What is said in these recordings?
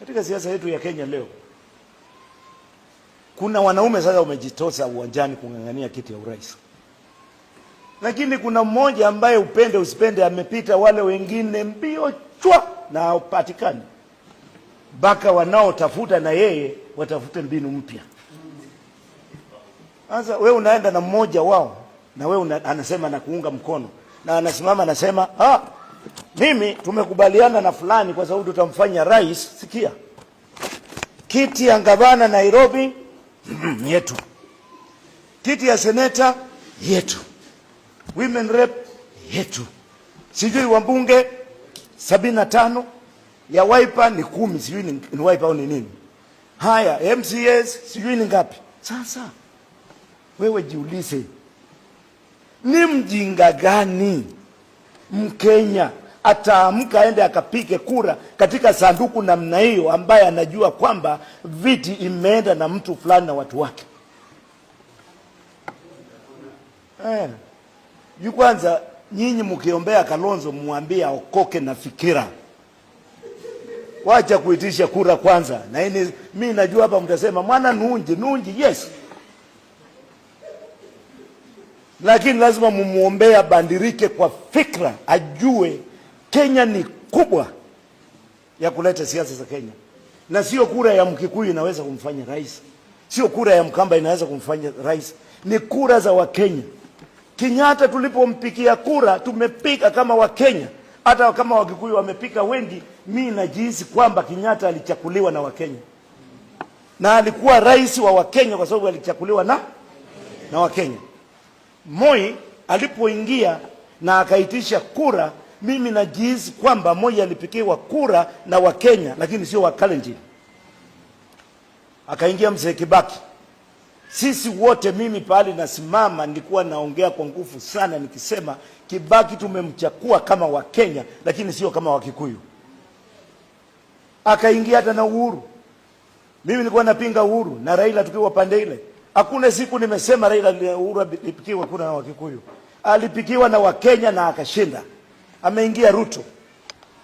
Katika siasa yetu ya Kenya leo kuna wanaume sasa wamejitosa uwanjani kung'ang'ania kiti ya urais, lakini kuna mmoja ambaye upende usipende amepita wale wengine mbio chwa na upatikani mpaka wanaotafuta na yeye watafute mbinu mpya. Sasa we unaenda na mmoja wao na we una, anasema na kuunga mkono na anasimama anasema ah mimi tumekubaliana na fulani kwa sababu tutamfanya rais. Sikia, kiti ya gavana Nairobi yetu, kiti ya seneta yetu, women rep yetu, sijui wabunge sabini na tano ya waipa ni kumi, sijui ni waipa au ni nini. Haya, mcs sijui ni ngapi. Sasa wewe jiulize, ni mjinga gani Mkenya ataamka aende akapige kura katika sanduku namna hiyo, ambaye anajua kwamba viti imeenda na mtu fulani na watu wake eh. Juu kwanza, nyinyi mkiombea Kalonzo muambie aokoke na fikira, wacha kuitisha kura kwanza. Na ini mi najua hapa mtasema mwana nunji nunji, yes lakini lazima mumuombea abandirike kwa fikra, ajue Kenya ni kubwa ya kuleta siasa za Kenya, na sio kura ya Mkikuyu inaweza kumfanya rais, sio kura ya Mkamba inaweza kumfanya rais, ni kura za Wakenya. Kenyatta tulipompikia kura tumepika kama Wakenya, hata kama Wakikuyu wamepika wengi. Mi najihisi kwamba Kenyatta alichakuliwa na Wakenya na alikuwa rais wa Wakenya kwa sababu alichakuliwa na na Wakenya. Moi alipoingia na akaitisha kura mimi najihisi kwamba moja alipikiwa kura na wa Kenya, lakini sio wa Kalenjin. Akaingia mzee Kibaki. Sisi wote, mimi pahali nasimama, nilikuwa naongea kwa nguvu sana nikisema Kibaki tumemchakua kama wa Kenya, lakini sio kama wa Kikuyu. Akaingia hata na Uhuru. Mimi nilikuwa napinga Uhuru na Raila tukiwa pande ile. Hakuna siku nimesema Raila Uhuru alipikiwa kura na wa Kikuyu, alipikiwa na Wakenya na akashinda ameingia Ruto.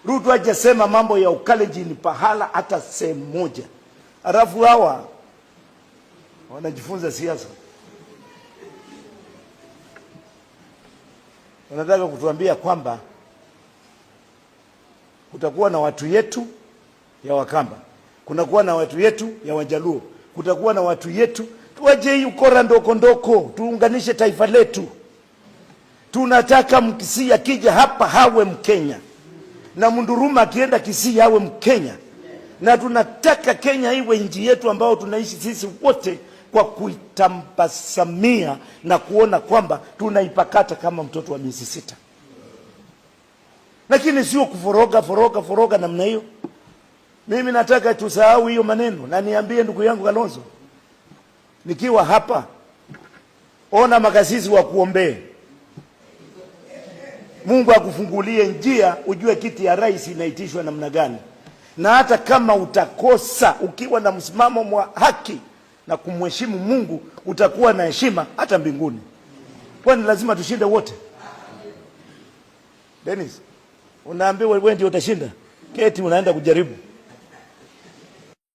Ruto hajasema mambo ya Ukalenji ni pahala hata sehemu moja, alafu hawa wanajifunza siasa, wanataka kutuambia kwamba kutakuwa na watu yetu ya Wakamba, kunakuwa na watu yetu ya Wajaluo, kutakuwa na watu yetu tuwajei ukora ndokondoko, tuunganishe taifa letu. Tunataka Mkisii akija hapa hawe Mkenya na Mnduruma akienda Kisii hawe Mkenya, na tunataka Kenya iwe nchi yetu ambao tunaishi sisi wote kwa kuitambasamia na kuona kwamba tunaipakata kama mtoto wa miezi sita, lakini sio kuforoga foroga foroga namna hiyo. Mimi nataka tusahau hiyo maneno, na niambie ndugu yangu Kalonzo, nikiwa hapa, ona makasisi wa kuombea Mungu akufungulie njia, ujue kiti ya rais inaitishwa namna gani. Na hata kama utakosa, ukiwa na msimamo wa haki na kumheshimu Mungu, utakuwa na heshima hata mbinguni, kwani lazima tushinde wote. Dennis, unaambiwa wewe ndio utashinda, keti unaenda kujaribu